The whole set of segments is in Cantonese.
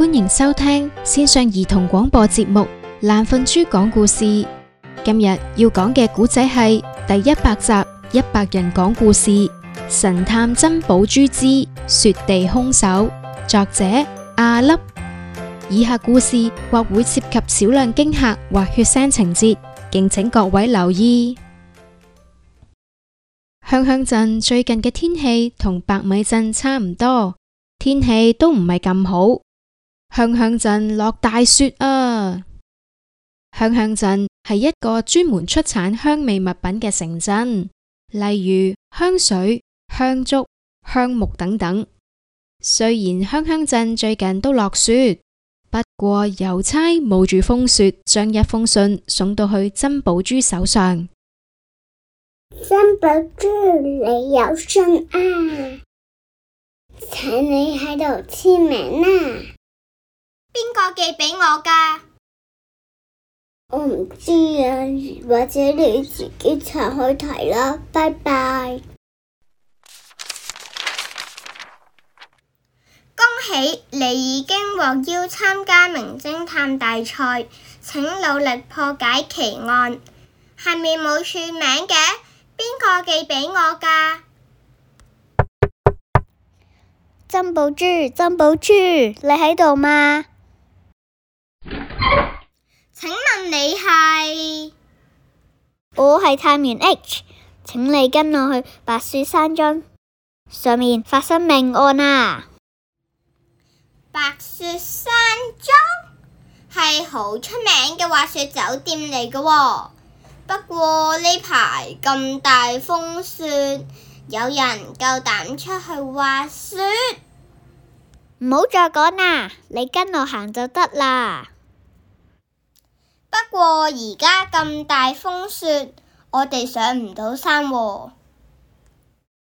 歡迎收聽線上兒童廣播節目《爛瞓豬》講故事。今日要講嘅古仔係第一百集一百人講故事《神探珍寶豬之雪地凶手》，作者阿粒。以下故事或會涉及少量驚嚇或血腥情節，敬請各位留意。香香鎮最近嘅天氣同白米鎮差唔多，天氣都唔係咁好。香香鎮落大雪啊！香香鎮係一個專門出產香味物品嘅城鎮，例如香水、香燭、香木等等。雖然香香鎮最近都落雪，不過郵差冒住風雪將一封信送到去珍寶豬手上。珍寶豬，你有信啊。請你喺度簽名啊。邊個寄畀我㗎？我唔知啊，或者你自己拆開睇啦。拜拜。恭喜你已經獲邀參加名偵探大賽，請努力破解奇案。下面冇署名嘅，邊個寄畀我㗎？珍寶豬，珍寶豬，你喺度嗎？請問你係？我係探員 H，請你跟我去白雪山莊，上面發生命案啊！白雪山莊係好出名嘅滑雪酒店嚟㗎喎，不過呢排咁大風雪，有人夠膽出去滑雪？唔好再講啦，你跟我行就得啦。不過而家咁大風雪，我哋上唔到山喎、哦。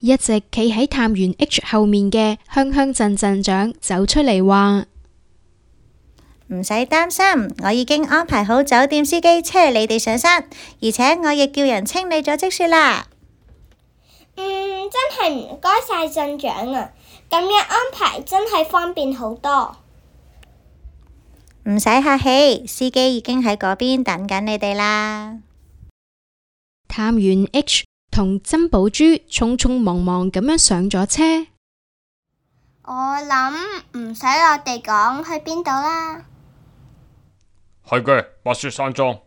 一直企喺探員 H 後面嘅香香鎮鎮長走出嚟話：唔使擔心，我已經安排好酒店司機車你哋上山，而且我亦叫人清理咗積雪啦。嗯，真係唔該晒鎮長啊！咁樣安排真係方便好多。唔使客氣，司機已經喺嗰邊等緊你哋啦。探員 H 同珍寶珠匆匆忙忙咁樣上咗車。我諗唔使我哋講去邊度啦。去嘅，滑雪山莊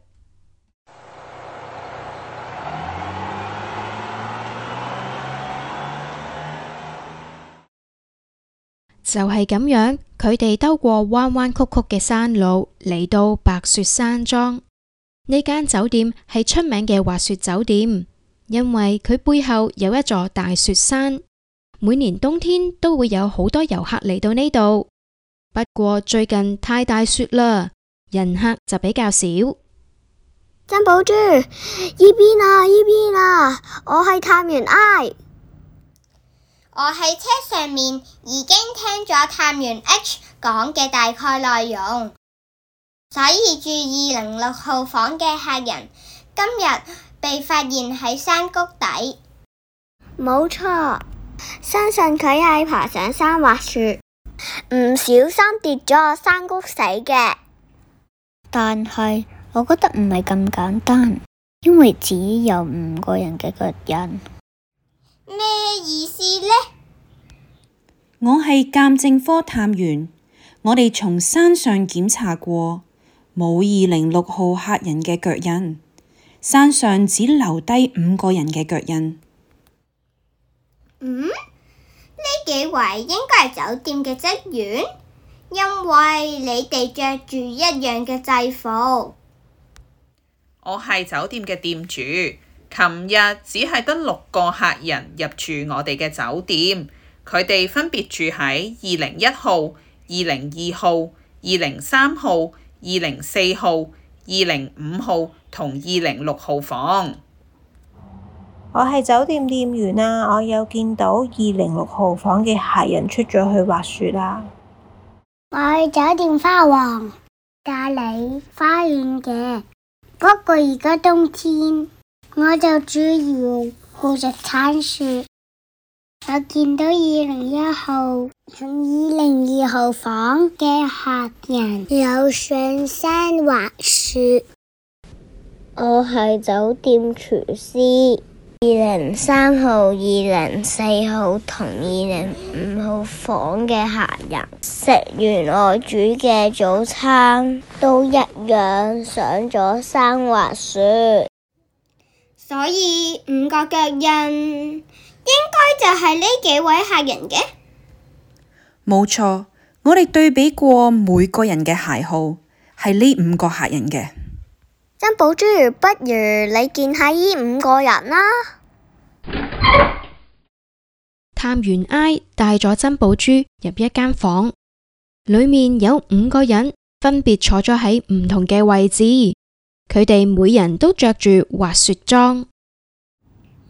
就係咁樣。佢哋兜過彎彎曲曲嘅山路嚟,到白雪山莊。呢間酒店係出名嘅滑雪酒店，因為佢背後有一座大雪山，每年冬天都會有好多遊客嚟到呢度。不過最近太大雪啦，人客就比較少。珍寶豬，呢邊啊，呢邊啊，我係探員呀。我喺車上面已經聽咗探員 H 講嘅大概內容，所以住二零六號房嘅客人今日被發現喺山谷底。冇錯，相信佢係爬上山滑雪，唔小心跌咗山谷死嘅。但係我覺得唔係咁簡單，因為只有五個人嘅腳印。咩意思呢？我係鑑證科探員，我哋從山上檢查過，冇二零六號客人嘅腳印，山上只留低五個人嘅腳印。嗯？呢幾位應該係酒店嘅職員，因為你哋着住一樣嘅制服。我係酒店嘅店主。琴日只係得六個客人入住我哋嘅酒店，佢哋分別住喺二零一號、二零二號、二零三號、二零四號、二零五號同二零六號房。我係酒店店員啊，我有見到二零六號房嘅客人出咗去滑雪啦。我係酒店花王，打理花園嘅，不過而家冬天。我就主要負責鏟雪。我見到二零一號同二零二號房嘅客人有上山滑雪。我係酒店廚師。二零三號、二零四號同二零五號房嘅客人食完我煮嘅早餐，都一樣上咗山滑雪。所以五個腳印應該就係呢幾位客人嘅？冇錯，我哋對比過每個人嘅鞋號，係呢五個客人嘅。珍寶豬，不如你見下呢五個人啦。探員 I 帶咗珍寶豬入一間房，裡面有五個人，分別坐咗喺唔同嘅位置。佢哋每人都着住滑雪裝。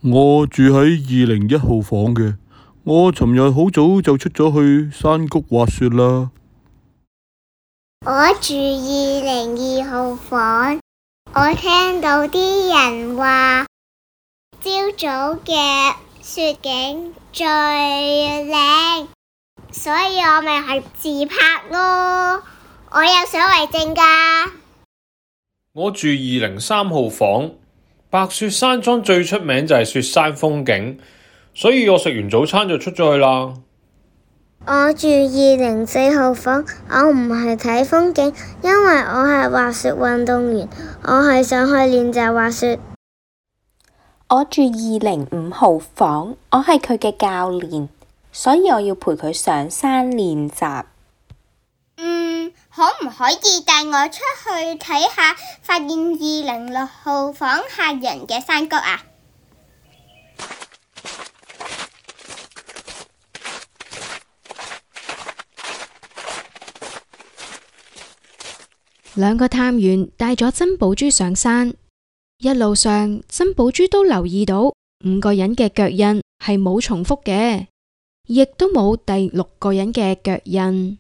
我住喺二零一號房嘅，我尋日好早就出咗去山谷滑雪啦。我住二零二號房，我聽到啲人話朝早嘅雪景最靚，所以我咪係自拍咯，我有相為證噶。我住二零三號房，白雪山莊最出名就係雪山風景，所以我食完早餐就出咗去啦。我住二零四號房，我唔係睇風景，因為我係滑雪運動員，我係想去練習滑雪。我住二零五號房，我係佢嘅教練，所以我要陪佢上山練習。可唔可以帶我出去睇下，發現二零六號房客人嘅山谷啊？兩個探員帶咗珍寶豬上山，一路上珍寶豬都留意到五個人嘅腳印係冇重複嘅，亦都冇第六個人嘅腳印。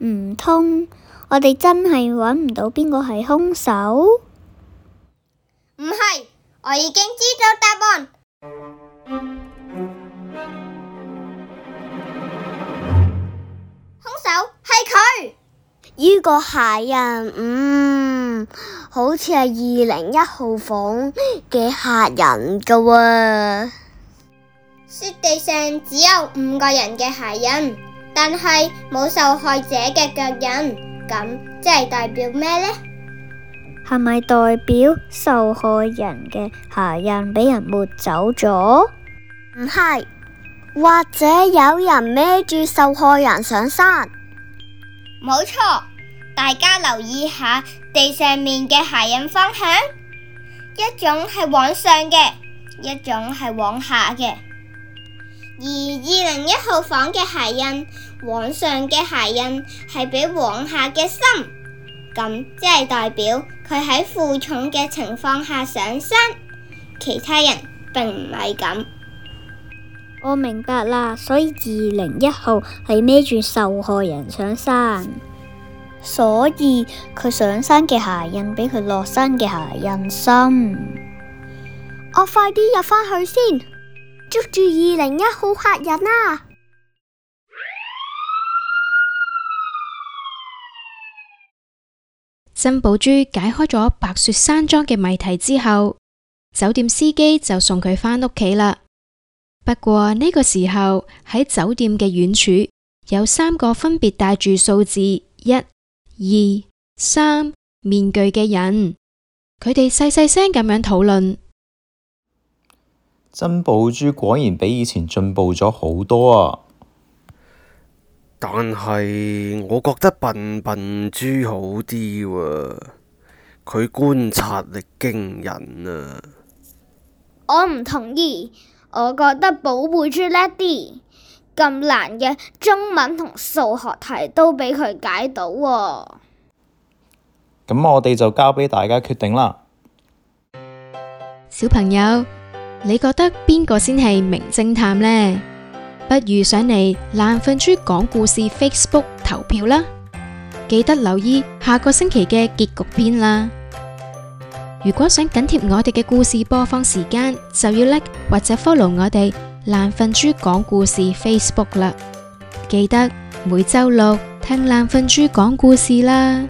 唔通，我哋真係揾唔到邊個係兇手？唔係，我已經知道答案。兇手係佢。呢個鞋印，嗯，好似係二零一號房嘅客人噶喎。雪地上只有五個人嘅鞋印。但係冇受害者嘅腳印，咁即係代表咩呢？係咪代表受害人嘅鞋印俾人抹走咗？唔係，或者有人孭住受害人上山？冇錯，大家留意下地上面嘅鞋印方向，一種係往上嘅，一種係往下嘅。而二零一號房嘅鞋印，往上嘅鞋印係比往下嘅深，咁即係代表佢喺負重嘅情況下上山，其他人並唔係咁。我明白啦，所以二零一號係孭住受害人上山，所以佢上山嘅鞋印比佢落山嘅鞋印深。我快啲入翻去先。捉住二零一號客人啊！珍寶豬解開咗白雪山莊嘅謎題之後，酒店司機就送佢返屋企啦。不過呢個時候喺酒店嘅遠處，有三個分別戴住數字一、二、三面具嘅人，佢哋細細聲咁樣討論。珍寶豬果然比以前進步咗好多啊！但係我覺得笨笨豬好啲喎、啊，佢觀察力驚人啊！我唔同意，我覺得寶貝豬叻啲，咁難嘅中文同數學題都畀佢解到喎、啊。咁我哋就交畀大家決定啦，小朋友。你覺得邊個先係名偵探呢？不如上嚟懶瞓豬講故事 Facebook 投票啦！記得留意下個星期嘅結局篇啦。如果想緊貼我哋嘅故事播放時間，就要 like 或者 follow 我哋懶瞓豬講故事 Facebook 啦。記得每周六聽懶瞓豬講故事啦。